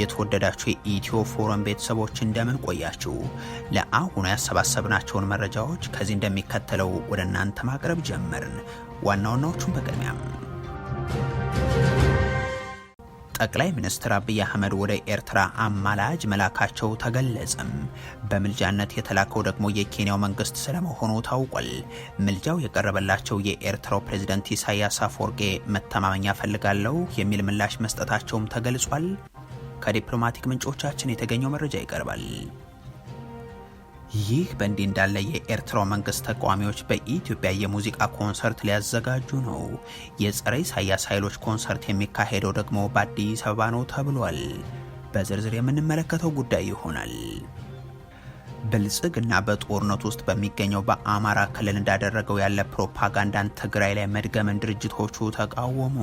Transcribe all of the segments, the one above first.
የተወደዳችሁ የኢትዮ ፎረም ቤተሰቦች እንደምን ቆያችሁ? ለአሁኑ ያሰባሰብናቸውን መረጃዎች ከዚህ እንደሚከተለው ወደ እናንተ ማቅረብ ጀመርን። ዋና ዋናዎቹን በቅድሚያም ጠቅላይ ሚኒስትር አብይ አህመድ ወደ ኤርትራ አማላጅ መላካቸው ተገለጸም። በምልጃነት የተላከው ደግሞ የኬንያው መንግስት ስለመሆኑ ታውቋል። ምልጃው የቀረበላቸው የኤርትራው ፕሬዝደንት ኢሳያስ አፈወርቄ መተማመኛ ፈልጋለሁ የሚል ምላሽ መስጠታቸውም ተገልጿል። ከዲፕሎማቲክ ምንጮቻችን የተገኘው መረጃ ይቀርባል። ይህ በእንዲህ እንዳለ የኤርትራው መንግስት ተቃዋሚዎች በኢትዮጵያ የሙዚቃ ኮንሰርት ሊያዘጋጁ ነው። የጸረ ኢሳያስ ኃይሎች ኮንሰርት የሚካሄደው ደግሞ በአዲስ አበባ ነው ተብሏል። በዝርዝር የምንመለከተው ጉዳይ ይሆናል። ብልጽግና በጦርነት ውስጥ በሚገኘው በአማራ ክልል እንዳደረገው ያለ ፕሮፓጋንዳን ትግራይ ላይ መድገምን ድርጅቶቹ ተቃወሙ።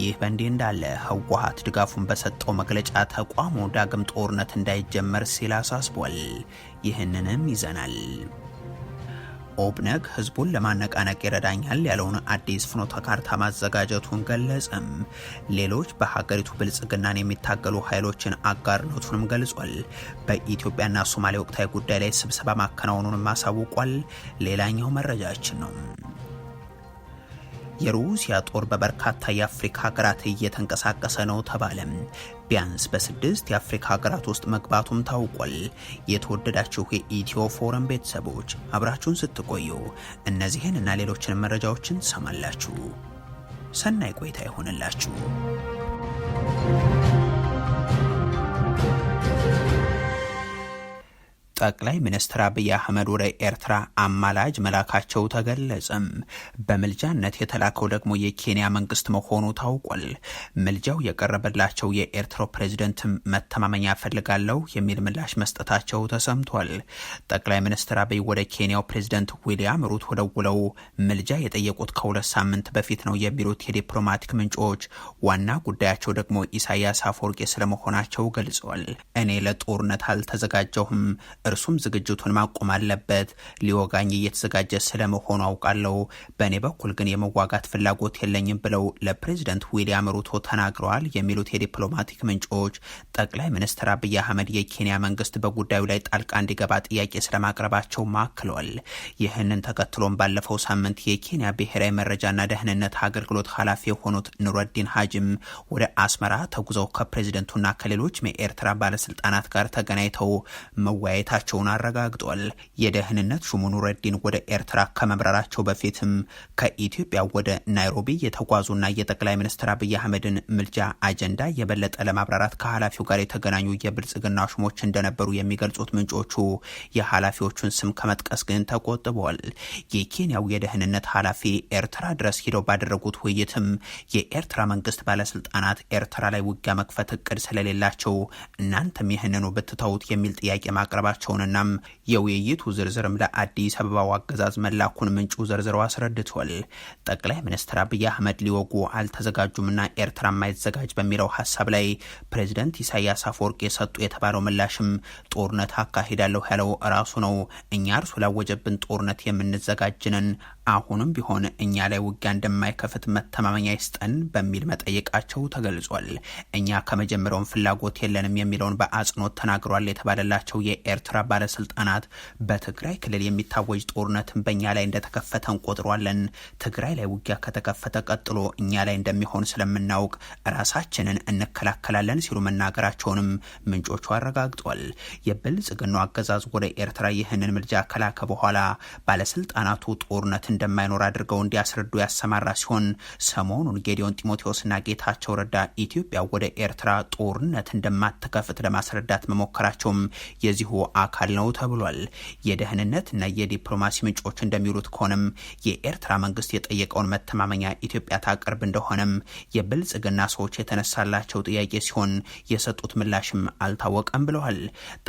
ይህ በእንዲህ እንዳለ ህወሓት ድጋፉን በሰጠው መግለጫ ተቋሙ ዳግም ጦርነት እንዳይጀመር ሲል አሳስቧል። ይህንንም ይዘናል። ኦብነግ ህዝቡን ለማነቃነቅ ይረዳኛል ያለውን አዲስ ፍኖተ ካርታ ማዘጋጀቱን ገለጸም። ሌሎች በሀገሪቱ ብልጽግናን የሚታገሉ ኃይሎችን አጋርነቱንም ገልጿል። በኢትዮጵያና ሶማሌ ወቅታዊ ጉዳይ ላይ ስብሰባ ማከናወኑንም አሳውቋል። ሌላኛው መረጃችን ነው። የሩሲያ ጦር በበርካታ የአፍሪካ ሀገራት እየተንቀሳቀሰ ነው ተባለም። ቢያንስ በስድስት የአፍሪካ ሀገራት ውስጥ መግባቱም ታውቋል። የተወደዳችሁ የኢትዮ ፎረም ቤተሰቦች አብራችሁን ስትቆዩ እነዚህን እና ሌሎችንም መረጃዎችን ትሰማላችሁ። ሰናይ ቆይታ ይሆንላችሁ። ጠቅላይ ሚኒስትር አብይ አህመድ ወደ ኤርትራ አማላጅ መላካቸው ተገለጸም። በምልጃነት የተላከው ደግሞ የኬንያ መንግስት መሆኑ ታውቋል። ምልጃው የቀረበላቸው የኤርትራው ፕሬዚደንት መተማመኛ ፈልጋለሁ የሚል ምላሽ መስጠታቸው ተሰምቷል። ጠቅላይ ሚኒስትር አብይ ወደ ኬንያው ፕሬዚደንት ዊሊያም ሩት ወደውለው ምልጃ የጠየቁት ከሁለት ሳምንት በፊት ነው የሚሉት የዲፕሎማቲክ ምንጮች፣ ዋና ጉዳያቸው ደግሞ ኢሳያስ አፈወርቂ ስለመሆናቸው ገልጸዋል። እኔ ለጦርነት አልተዘጋጀሁም እርሱም ዝግጅቱን ማቆም አለበት። ሊወጋኝ እየተዘጋጀ ስለመሆኑ አውቃለሁ። በእኔ በኩል ግን የመዋጋት ፍላጎት የለኝም ብለው ለፕሬዚደንት ዊሊያም ሩቶ ተናግረዋል የሚሉት የዲፕሎማቲክ ምንጮች ጠቅላይ ሚኒስትር አብይ አህመድ የኬንያ መንግስት በጉዳዩ ላይ ጣልቃ እንዲገባ ጥያቄ ስለማቅረባቸው ማክለዋል። ይህንን ተከትሎም ባለፈው ሳምንት የኬንያ ብሔራዊ መረጃና ደህንነት አገልግሎት ኃላፊ የሆኑት ኑረዲን ሀጅም ወደ አስመራ ተጉዘው ከፕሬዚደንቱና ከሌሎች የኤርትራ ባለስልጣናት ጋር ተገናኝተው መወያየት መግባታቸውን አረጋግጧል። የደህንነት ሹሙ ኑረዲን ወደ ኤርትራ ከመብረራቸው በፊትም ከኢትዮጵያ ወደ ናይሮቢ የተጓዙና የጠቅላይ ሚኒስትር አብይ አህመድን ምልጃ አጀንዳ የበለጠ ለማብራራት ከኃላፊው ጋር የተገናኙ የብልጽግና ሹሞች እንደነበሩ የሚገልጹት ምንጮቹ የኃላፊዎቹን ስም ከመጥቀስ ግን ተቆጥቧል። የኬንያው የደህንነት ኃላፊ ኤርትራ ድረስ ሂደው ባደረጉት ውይይትም የኤርትራ መንግስት ባለስልጣናት ኤርትራ ላይ ውጊያ መክፈት እቅድ ስለሌላቸው እናንተም ይህንኑ ብትተውት የሚል ጥያቄ ማቅረባቸው መሆናቸውንና የውይይቱ ዝርዝርም ለአዲስ አበባው አገዛዝ መላኩን ምንጩ ዘርዝረው አስረድቷል። ጠቅላይ ሚኒስትር አብይ አህመድ ሊወጉ አልተዘጋጁምና ኤርትራ ማይዘጋጅ በሚለው ሀሳብ ላይ ፕሬዚደንት ኢሳያስ አፈወርቅ የሰጡ የተባለው ምላሽም ጦርነት አካሂዳለሁ ያለው ራሱ ነው። እኛ እርሱ ላወጀብን ጦርነት የምንዘጋጅንን አሁንም ቢሆን እኛ ላይ ውጊያ እንደማይከፍት መተማመኛ ይስጠን በሚል መጠየቃቸው ተገልጿል። እኛ ከመጀመሪያውን ፍላጎት የለንም የሚለውን በአጽንኦት ተናግሯል የተባለላቸው የኤርትራ የኤርትራ ባለስልጣናት በትግራይ ክልል የሚታወጅ ጦርነትን በእኛ ላይ እንደተከፈተ እንቆጥሯለን። ትግራይ ላይ ውጊያ ከተከፈተ ቀጥሎ እኛ ላይ እንደሚሆን ስለምናውቅ ራሳችንን እንከላከላለን ሲሉ መናገራቸውንም ምንጮቹ አረጋግጧል። የብልጽግናው አገዛዝ ወደ ኤርትራ ይህንን ምልጃ ከላከ በኋላ ባለስልጣናቱ ጦርነት እንደማይኖር አድርገው እንዲያስረዱ ያሰማራ ሲሆን ሰሞኑን ጌዲዮን ጢሞቴዎስና ጌታቸው ረዳ ኢትዮጵያ ወደ ኤርትራ ጦርነት እንደማትከፍት ለማስረዳት መሞከራቸውም የዚሁ አካል ነው ተብሏል። የደህንነትና የዲፕሎማሲ ምንጮች እንደሚሉት ከሆነም የኤርትራ መንግስት የጠየቀውን መተማመኛ ኢትዮጵያ ታቀርብ እንደሆነም የብልጽግና ሰዎች የተነሳላቸው ጥያቄ ሲሆን የሰጡት ምላሽም አልታወቀም ብለዋል።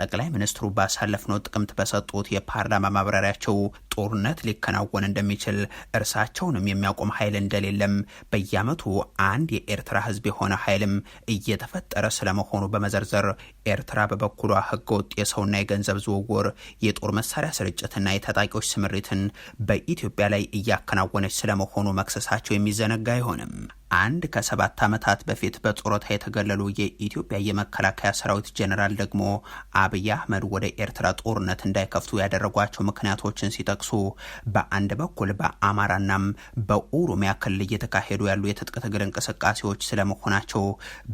ጠቅላይ ሚኒስትሩ ባሳለፍነው ጥቅምት በሰጡት የፓርላማ ማብራሪያቸው ጦርነት ሊከናወን እንደሚችል እርሳቸውንም የሚያቆም ኃይል እንደሌለም በየአመቱ አንድ የኤርትራ ህዝብ የሆነ ኃይልም እየተፈጠረ ስለመሆኑ በመዘርዘር ኤርትራ በበኩሏ ህገወጥ የሰውና የገንዘብ የገንዘብ ዝውውር፣ የጦር መሳሪያ ስርጭትና የታጣቂዎች ስምሪትን በኢትዮጵያ ላይ እያከናወነች ስለመሆኑ መክሰሳቸው የሚዘነጋ አይሆንም። አንድ ከሰባት ዓመታት በፊት በጡረታ የተገለሉ የኢትዮጵያ የመከላከያ ሰራዊት ጀኔራል ደግሞ አብይ አህመድ ወደ ኤርትራ ጦርነት እንዳይከፍቱ ያደረጓቸው ምክንያቶችን ሲጠቅሱ በአንድ በኩል በአማራናም በኦሮሚያ ክልል እየተካሄዱ ያሉ የትጥቅ ትግል እንቅስቃሴዎች ስለመሆናቸው፣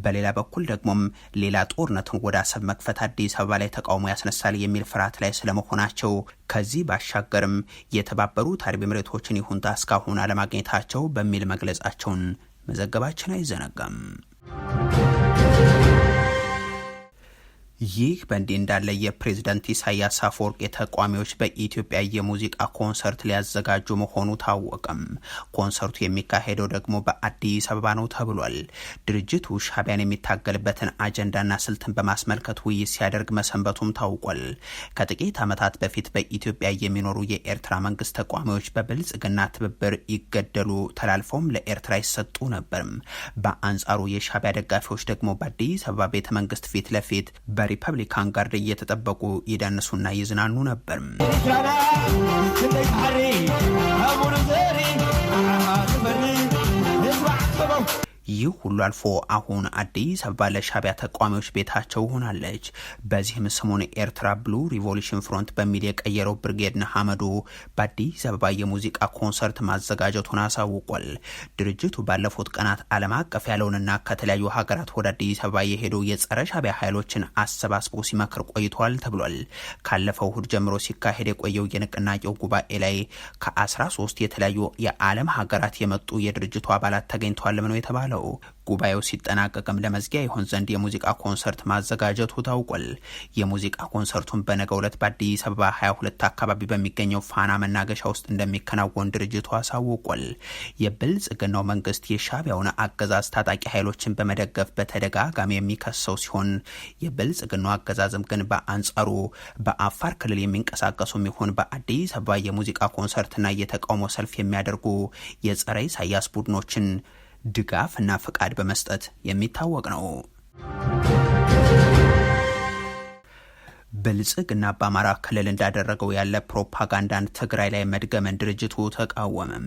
በሌላ በኩል ደግሞም ሌላ ጦርነትን ወደ አሰብ መክፈት አዲስ አበባ ላይ ተቃውሞ ያስነሳል የሚል ፍርሃት ላይ ስለመሆናቸው ከዚህ ባሻገርም የተባበሩት አረብ ኤሚሬቶችን ይሁንታ እስካሁን አለማግኘታቸው በሚል መግለጻቸውን መዘገባችን አይዘነጋም። ይህ በእንዲህ እንዳለ የፕሬዝደንት ኢሳያስ አፈወርቂ ተቋሚዎች በኢትዮጵያ የሙዚቃ ኮንሰርት ሊያዘጋጁ መሆኑ ታወቀም። ኮንሰርቱ የሚካሄደው ደግሞ በአዲስ አበባ ነው ተብሏል። ድርጅቱ ሻቢያን የሚታገልበትን አጀንዳና ስልትን በማስመልከት ውይይት ሲያደርግ መሰንበቱም ታውቋል። ከጥቂት ዓመታት በፊት በኢትዮጵያ የሚኖሩ የኤርትራ መንግስት ተቋሚዎች በብልጽግና ትብብር ይገደሉ፣ ተላልፈውም ለኤርትራ ይሰጡ ነበርም። በአንጻሩ የሻቢያ ደጋፊዎች ደግሞ በአዲስ አበባ ቤተ መንግስት ፊት ለፊት በ ከሪፐብሊካን ጋርድ እየተጠበቁ ይደንሱና ይዝናኑ ነበር። ይህ ሁሉ አልፎ አሁን አዲስ አበባ ለሻቢያ ተቋሚዎች ቤታቸው ሆናለች። በዚህም ስሙን ኤርትራ ብሉ ሪቮሉሽን ፍሮንት በሚል የቀየረው ብርጌድ ነሐመዱ በአዲስ አበባ የሙዚቃ ኮንሰርት ማዘጋጀቱን አሳውቋል። ድርጅቱ ባለፉት ቀናት ዓለም አቀፍ ያለውንና ከተለያዩ ሀገራት ወደ አዲስ አበባ የሄዱ የጸረ ሻቢያ ኃይሎችን አሰባስቦ ሲመክር ቆይቷል ተብሏል። ካለፈው እሁድ ጀምሮ ሲካሄድ የቆየው የንቅናቄው ጉባኤ ላይ ከ13 የተለያዩ የዓለም ሀገራት የመጡ የድርጅቱ አባላት ተገኝተዋል ነው የተባለው። ነው። ጉባኤው ሲጠናቀቅም ለመዝጊያ ይሆን ዘንድ የሙዚቃ ኮንሰርት ማዘጋጀቱ ታውቋል። የሙዚቃ ኮንሰርቱን በነገ ዕለት በአዲስ አበባ 22 አካባቢ በሚገኘው ፋና መናገሻ ውስጥ እንደሚከናወን ድርጅቱ አሳውቋል። የብልጽግናው መንግስት የሻቢያውን አገዛዝ ታጣቂ ኃይሎችን በመደገፍ በተደጋጋሚ የሚከሰው ሲሆን የብልጽግናው አገዛዝም ግን በአንጻሩ በአፋር ክልል የሚንቀሳቀሱ ይሁን በአዲስ አበባ የሙዚቃ ኮንሰርትና የተቃውሞ ሰልፍ የሚያደርጉ የጸረ ኢሳያስ ቡድኖችን ድጋፍ እና ፈቃድ በመስጠት የሚታወቅ ነው። ብልጽግና በአማራ ክልል እንዳደረገው ያለ ፕሮፓጋንዳን ትግራይ ላይ መድገመን ድርጅቱ ተቃወመም።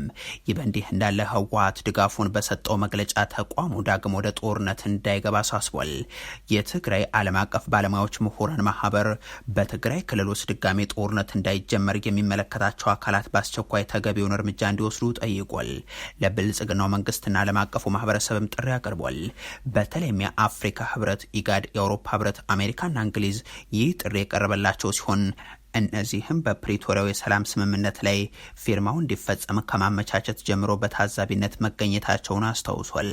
ይህ በእንዲህ እንዳለ ህወሓት ድጋፉን በሰጠው መግለጫ ተቋሙ ዳግም ወደ ጦርነት እንዳይገባ አሳስቧል። የትግራይ ዓለም አቀፍ ባለሙያዎች ምሁራን ማህበር በትግራይ ክልል ውስጥ ድጋሜ ጦርነት እንዳይጀመር የሚመለከታቸው አካላት በአስቸኳይ ተገቢውን እርምጃ እንዲወስዱ ጠይቋል። ለብልጽግናው መንግስትና ዓለም አቀፉ ማህበረሰብም ጥሪ አቅርቧል። በተለይም የአፍሪካ ህብረት፣ ኢጋድ፣ የአውሮፓ ህብረት፣ አሜሪካና እንግሊዝ ይህ ጥሪ የቀረበላቸው ሲሆን እነዚህም በፕሪቶሪያው የሰላም ስምምነት ላይ ፊርማው እንዲፈጸም ከማመቻቸት ጀምሮ በታዛቢነት መገኘታቸውን አስታውሷል።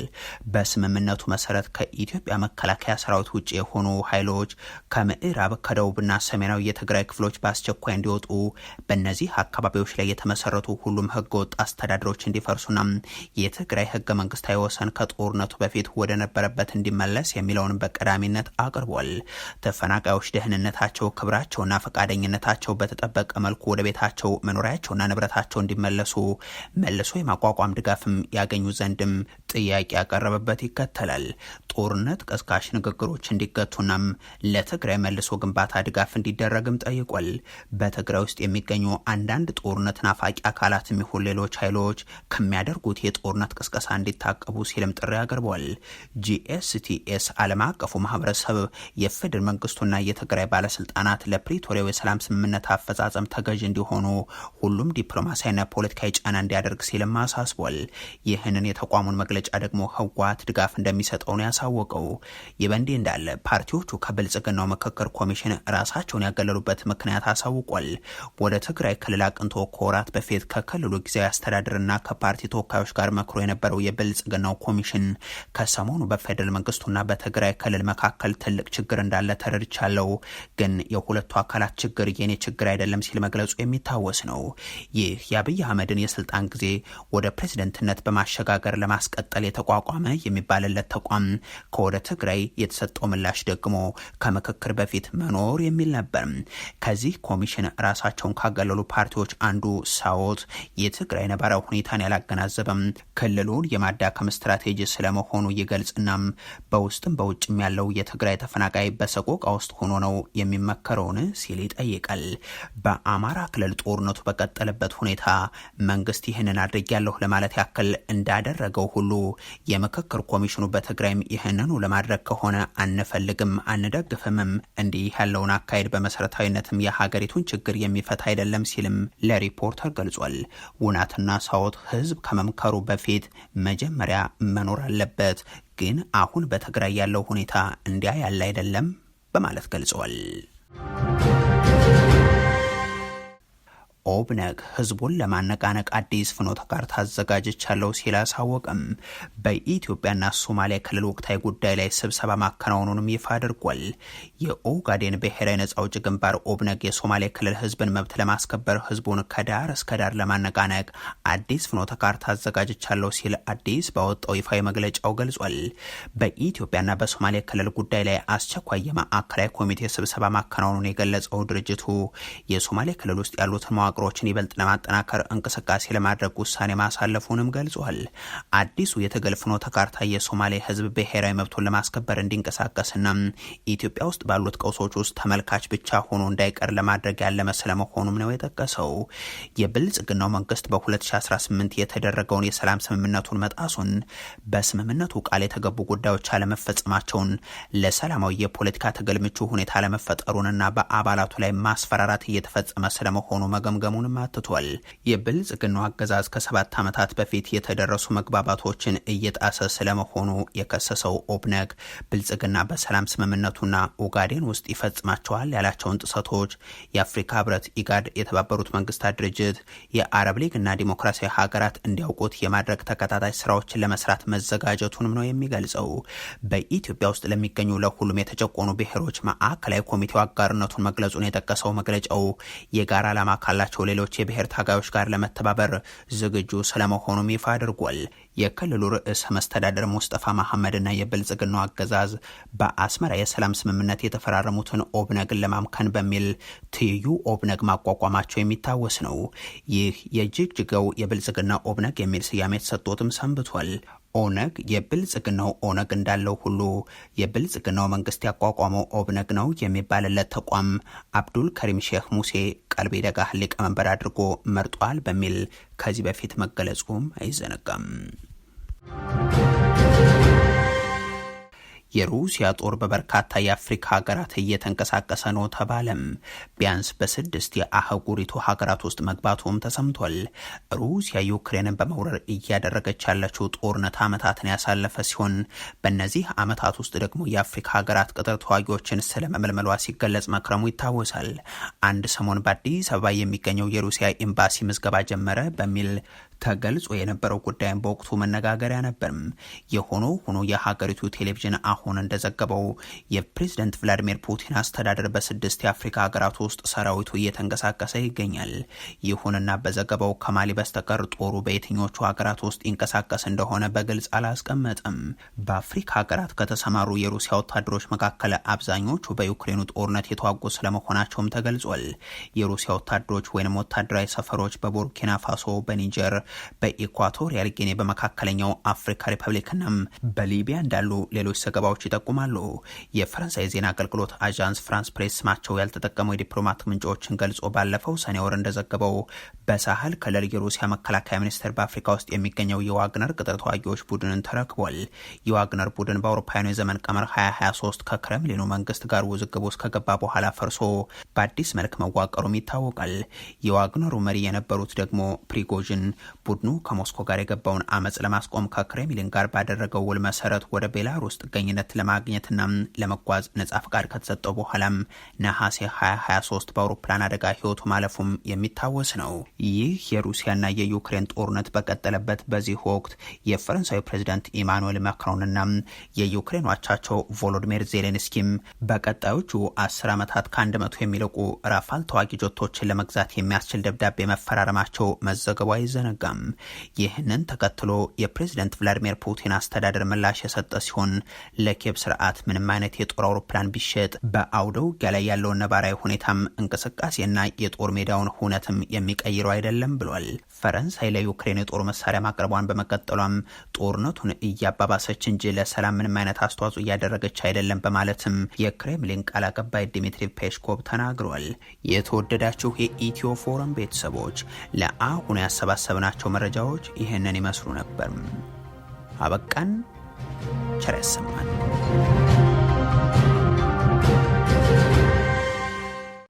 በስምምነቱ መሰረት ከኢትዮጵያ መከላከያ ሰራዊት ውጭ የሆኑ ኃይሎች ከምዕራብ ከደቡብና ሰሜናዊ የትግራይ ክፍሎች በአስቸኳይ እንዲወጡ፣ በእነዚህ አካባቢዎች ላይ የተመሰረቱ ሁሉም ህገወጥ አስተዳደሮች እንዲፈርሱና የትግራይ ህገ መንግስታዊ ወሰን ከጦርነቱ በፊት ወደ ነበረበት እንዲመለስ የሚለውን በቀዳሚነት አቅርቧል። ተፈናቃዮች ደህንነታቸው፣ ክብራቸውና ፈቃደኝነታቸው ደህንነታቸው በተጠበቀ መልኩ ወደ ቤታቸው መኖሪያቸውና ንብረታቸው እንዲመለሱ መልሶ የማቋቋም ድጋፍም ያገኙ ዘንድም ጥያቄ ያቀረበበት ይከተላል። ጦርነት ቀስቃሽ ንግግሮች እንዲገቱናም ለትግራይ መልሶ ግንባታ ድጋፍ እንዲደረግም ጠይቋል። በትግራይ ውስጥ የሚገኙ አንዳንድ ጦርነት ናፋቂ አካላት የሚሆን ሌሎች ኃይሎች ከሚያደርጉት የጦርነት ቅስቀሳ እንዲታቀቡ ሲልም ጥሪ አቅርበዋል። ጂኤስቲኤስ ዓለም አቀፉ ማህበረሰብ የፌደራል መንግስቱና የትግራይ ባለስልጣናት ለፕሪቶሪያው የሰላም ስምምነት አፈጻጸም ተገዥ እንዲሆኑ ሁሉም ዲፕሎማሲያና ፖለቲካዊ ጫና እንዲያደርግ ሲልም አሳስቧል። ይህንን የተቋሙን መግለጫ መግለጫ ደግሞ ህወሓት ድጋፍ እንደሚሰጠው ነው ያሳወቀው። ይህ በእንዲህ እንዳለ ፓርቲዎቹ ከብልጽግናው ምክክር ኮሚሽን ራሳቸውን ያገለሉበት ምክንያት አሳውቋል። ወደ ትግራይ ክልል አቅንቶ ከወራት በፊት ከክልሉ ጊዜያዊ አስተዳደርና ከፓርቲ ተወካዮች ጋር መክሮ የነበረው የብልጽግናው ኮሚሽን ከሰሞኑ በፌደራል መንግስቱና በትግራይ ክልል መካከል ትልቅ ችግር እንዳለ ተረድቻለሁ፣ ግን የሁለቱ አካላት ችግር የኔ ችግር አይደለም ሲል መግለጹ የሚታወስ ነው። ይህ የአብይ አህመድን የስልጣን ጊዜ ወደ ፕሬዝደንትነት በማሸጋገር ለማስቀጠል ለመቀጠል የተቋቋመ የሚባልለት ተቋም ከወደ ትግራይ የተሰጠው ምላሽ ደግሞ ከምክክር በፊት መኖር የሚል ነበር። ከዚህ ኮሚሽን ራሳቸውን ካገለሉ ፓርቲዎች አንዱ ሳዎት የትግራይ ነባራዊ ሁኔታን ያላገናዘበም ክልሉን የማዳከም ስትራቴጂ ስለመሆኑ ይገልጽናም በውስጥም በውጭም ያለው የትግራይ ተፈናቃይ በሰቆቃ ውስጥ ሆኖ ነው የሚመከረውን ሲል ይጠይቃል። በአማራ ክልል ጦርነቱ በቀጠለበት ሁኔታ መንግስት ይህንን አድርጌያለሁ ለማለት ያክል እንዳደረገው ሁሉ የምክክር ኮሚሽኑ በትግራይም ይህንኑ ለማድረግ ከሆነ አንፈልግም፣ አንደግፍምም እንዲህ ያለውን አካሄድ በመሰረታዊነትም የሀገሪቱን ችግር የሚፈታ አይደለም ሲልም ለሪፖርተር ገልጿል። ውናትና ሳዎት ህዝብ ከመምከሩ በፊት መጀመሪያ መኖር አለበት፣ ግን አሁን በትግራይ ያለው ሁኔታ እንዲያ ያለ አይደለም በማለት ገልጸዋል። ኦብነግ ህዝቡን ለማነቃነቅ አዲስ ፍኖተ ካርታ አዘጋጅቻለሁ ሲል አሳወቅም። በኢትዮጵያና ሶማሊያ ክልል ወቅታዊ ጉዳይ ላይ ስብሰባ ማከናወኑንም ይፋ አድርጓል። የኦጋዴን ብሔራዊ ነጻ አውጪ ግንባር ኦብነግ የሶማሌ ክልል ህዝብን መብት ለማስከበር ህዝቡን ከዳር እስከ ዳር ለማነቃነቅ አዲስ ፍኖተ ካርታ አዘጋጅቻለሁ ሲል አዲስ ባወጣው ይፋዊ መግለጫው ገልጿል። በኢትዮጵያና በሶማሊያ ክልል ጉዳይ ላይ አስቸኳይ የማዕከላዊ ኮሚቴ ስብሰባ ማከናወኑን የገለጸው ድርጅቱ የሶማሌ ክልል ውስጥ ያሉትን መዋቅሮችን ይበልጥ ለማጠናከር እንቅስቃሴ ለማድረግ ውሳኔ ማሳለፉንም ገልጿል። አዲሱ የትግል ፍኖተ ካርታ የሶማሌ ህዝብ ብሔራዊ መብቱን ለማስከበር እንዲንቀሳቀስና ኢትዮጵያ ውስጥ ባሉት ቀውሶች ውስጥ ተመልካች ብቻ ሆኖ እንዳይቀር ለማድረግ ያለመ ስለመሆኑም ነው የጠቀሰው። የብልጽግናው መንግስት በ2018 የተደረገውን የሰላም ስምምነቱን መጣሱን፣ በስምምነቱ ቃል የተገቡ ጉዳዮች አለመፈጸማቸውን፣ ለሰላማዊ የፖለቲካ ትግል ምቹ ሁኔታ አለመፈጠሩንና በአባላቱ ላይ ማስፈራራት እየተፈጸመ ስለመሆኑ መገምገ መገምገሙንም አትቷል። የብልጽግናው አገዛዝ ከሰባት ዓመታት በፊት የተደረሱ መግባባቶችን እየጣሰ ስለመሆኑ የከሰሰው ኦብነግ ብልጽግና በሰላም ስምምነቱና ኦጋዴን ውስጥ ይፈጽማቸዋል ያላቸውን ጥሰቶች የአፍሪካ ህብረት፣ ኢጋድ፣ የተባበሩት መንግስታት ድርጅት፣ የአረብ ሊግ እና ዲሞክራሲያዊ ሀገራት እንዲያውቁት የማድረግ ተከታታይ ስራዎችን ለመስራት መዘጋጀቱንም ነው የሚገልጸው። በኢትዮጵያ ውስጥ ለሚገኙ ለሁሉም የተጨቆኑ ብሔሮች ማዕከላዊ ኮሚቴው አጋርነቱን መግለጹን የጠቀሰው መግለጫው የጋራ ዓላማ ካላቸው ካላቸው ሌሎች የብሔር ታጋዮች ጋር ለመተባበር ዝግጁ ስለመሆኑም ይፋ አድርጓል። የክልሉ ርዕሰ መስተዳደር ሙስጠፋ መሐመድና የብልጽግናው አገዛዝ በአስመራ የሰላም ስምምነት የተፈራረሙትን ኦብነግን ለማምከን በሚል ትይዩ ኦብነግ ማቋቋማቸው የሚታወስ ነው። ይህ የጅግጅገው የብልጽግና ኦብነግ የሚል ስያሜ የተሰጥቶትም ሰንብቷል። ኦነግ የብልጽግናው ኦነግ እንዳለው ሁሉ የብልጽግናው መንግስት ያቋቋመው ኦብነግ ነው የሚባልለት ተቋም አብዱል ከሪም ሼክ ሙሴ ቀልቤ ደጋህ ሊቀመንበር አድርጎ መርጧል በሚል ከዚህ በፊት መገለጹም አይዘነጋም። የሩሲያ ጦር በበርካታ የአፍሪካ ሀገራት እየተንቀሳቀሰ ነው ተባለም። ቢያንስ በስድስት የአህጉሪቱ ሀገራት ውስጥ መግባቱም ተሰምቷል። ሩሲያ ዩክሬንን በመውረር እያደረገች ያለችው ጦርነት ዓመታትን ያሳለፈ ሲሆን በእነዚህ ዓመታት ውስጥ ደግሞ የአፍሪካ ሀገራት ቅጥር ተዋጊዎችን ስለመመልመሏ ሲገለጽ መክረሙ ይታወሳል። አንድ ሰሞን በአዲስ አበባ የሚገኘው የሩሲያ ኤምባሲ ምዝገባ ጀመረ በሚል ተገልጾ የነበረው ጉዳይም በወቅቱ መነጋገሪያ ነበርም። የሆኖ ሆኖ የሀገሪቱ ቴሌቪዥን አሁን እንደዘገበው የፕሬዝደንት ቭላዲሚር ፑቲን አስተዳደር በስድስት የአፍሪካ ሀገራት ውስጥ ሰራዊቱ እየተንቀሳቀሰ ይገኛል። ይሁንና በዘገባው ከማሊ በስተቀር ጦሩ በየትኞቹ ሀገራት ውስጥ ይንቀሳቀስ እንደሆነ በግልጽ አላስቀመጠም። በአፍሪካ ሀገራት ከተሰማሩ የሩሲያ ወታደሮች መካከል አብዛኞቹ በዩክሬኑ ጦርነት የተዋጉ ስለመሆናቸውም ተገልጿል። የሩሲያ ወታደሮች ወይም ወታደራዊ ሰፈሮች በቡርኪና ፋሶ፣ በኒጀር፣ በኢኳቶሪያል ጊኔ በመካከለኛው አፍሪካ ሪፐብሊክናም በሊቢያ እንዳሉ ሌሎች ዘገባዎች ይጠቁማሉ። የፈረንሳይ ዜና አገልግሎት አዣንስ ፍራንስ ፕሬስ ስማቸው ያልተጠቀመው የዲፕሎማት ምንጮችን ገልጾ ባለፈው ሰኔ ወር እንደዘገበው በሳህል ክልል የሩሲያ መከላከያ ሚኒስቴር በአፍሪካ ውስጥ የሚገኘው የዋግነር ቅጥር ተዋጊዎች ቡድንን ተረክቧል። የዋግነር ቡድን በአውሮፓውያኑ የዘመን ቀመር 2023 ከክረምሊኑ መንግስት ጋር ውዝግብ ውስጥ ከገባ በኋላ ፈርሶ በአዲስ መልክ መዋቀሩም ይታወቃል። የዋግነሩ መሪ የነበሩት ደግሞ ፕሪጎዥን ቡድኑ ከሞስኮ ጋር የገባውን አመፅ ለማስቆም ከክሬምሊን ጋር ባደረገው ውል መሰረት ወደ ቤላሩስ ጥገኝነት ለማግኘትና ለመጓዝ ነጻ ፍቃድ ከተሰጠው በኋላም ነሐሴ 2023 በአውሮፕላን አደጋ ህይወቱ ማለፉም የሚታወስ ነው። ይህ የሩሲያና የዩክሬን ጦርነት በቀጠለበት በዚህ ወቅት የፈረንሳዊ ፕሬዚዳንት ኢማኑኤል ማክሮንና የዩክሬን አቻቸው ቮሎዲሚር ዜሌንስኪም በቀጣዮቹ አስር ዓመታት ከአንድ መቶ የሚለቁ ራፋል ተዋጊ ጆቶችን ለመግዛት የሚያስችል ደብዳቤ መፈራረማቸው መዘገቡ አይዘነጋም። አልተሳካም። ይህንን ተከትሎ የፕሬዝደንት ቭላዲሚር ፑቲን አስተዳደር ምላሽ የሰጠ ሲሆን ለኬብ ስርዓት ምንም አይነት የጦር አውሮፕላን ቢሸጥ በአውደ ውጊያ ላይ ያለውን ነባራዊ ሁኔታም እንቅስቃሴና የጦር ሜዳውን ሁነትም የሚቀይረው አይደለም ብሏል። ፈረንሳይ ለዩክሬን የጦር መሳሪያ ማቅረቧን በመቀጠሏም ጦርነቱን እያባባሰች እንጂ ለሰላም ምንም አይነት አስተዋጽኦ እያደረገች አይደለም በማለትም የክሬምሊን ቃል አቀባይ ዲሚትሪ ፔስኮቭ ተናግሯል። የተወደዳችሁ የኢትዮ ፎረም ቤተሰቦች ለአሁኑ ያሰባሰብናቸው የምንላቸው መረጃዎች ይህንን ይመስሉ ነበር። አበቃን። ቸር ያሰማን።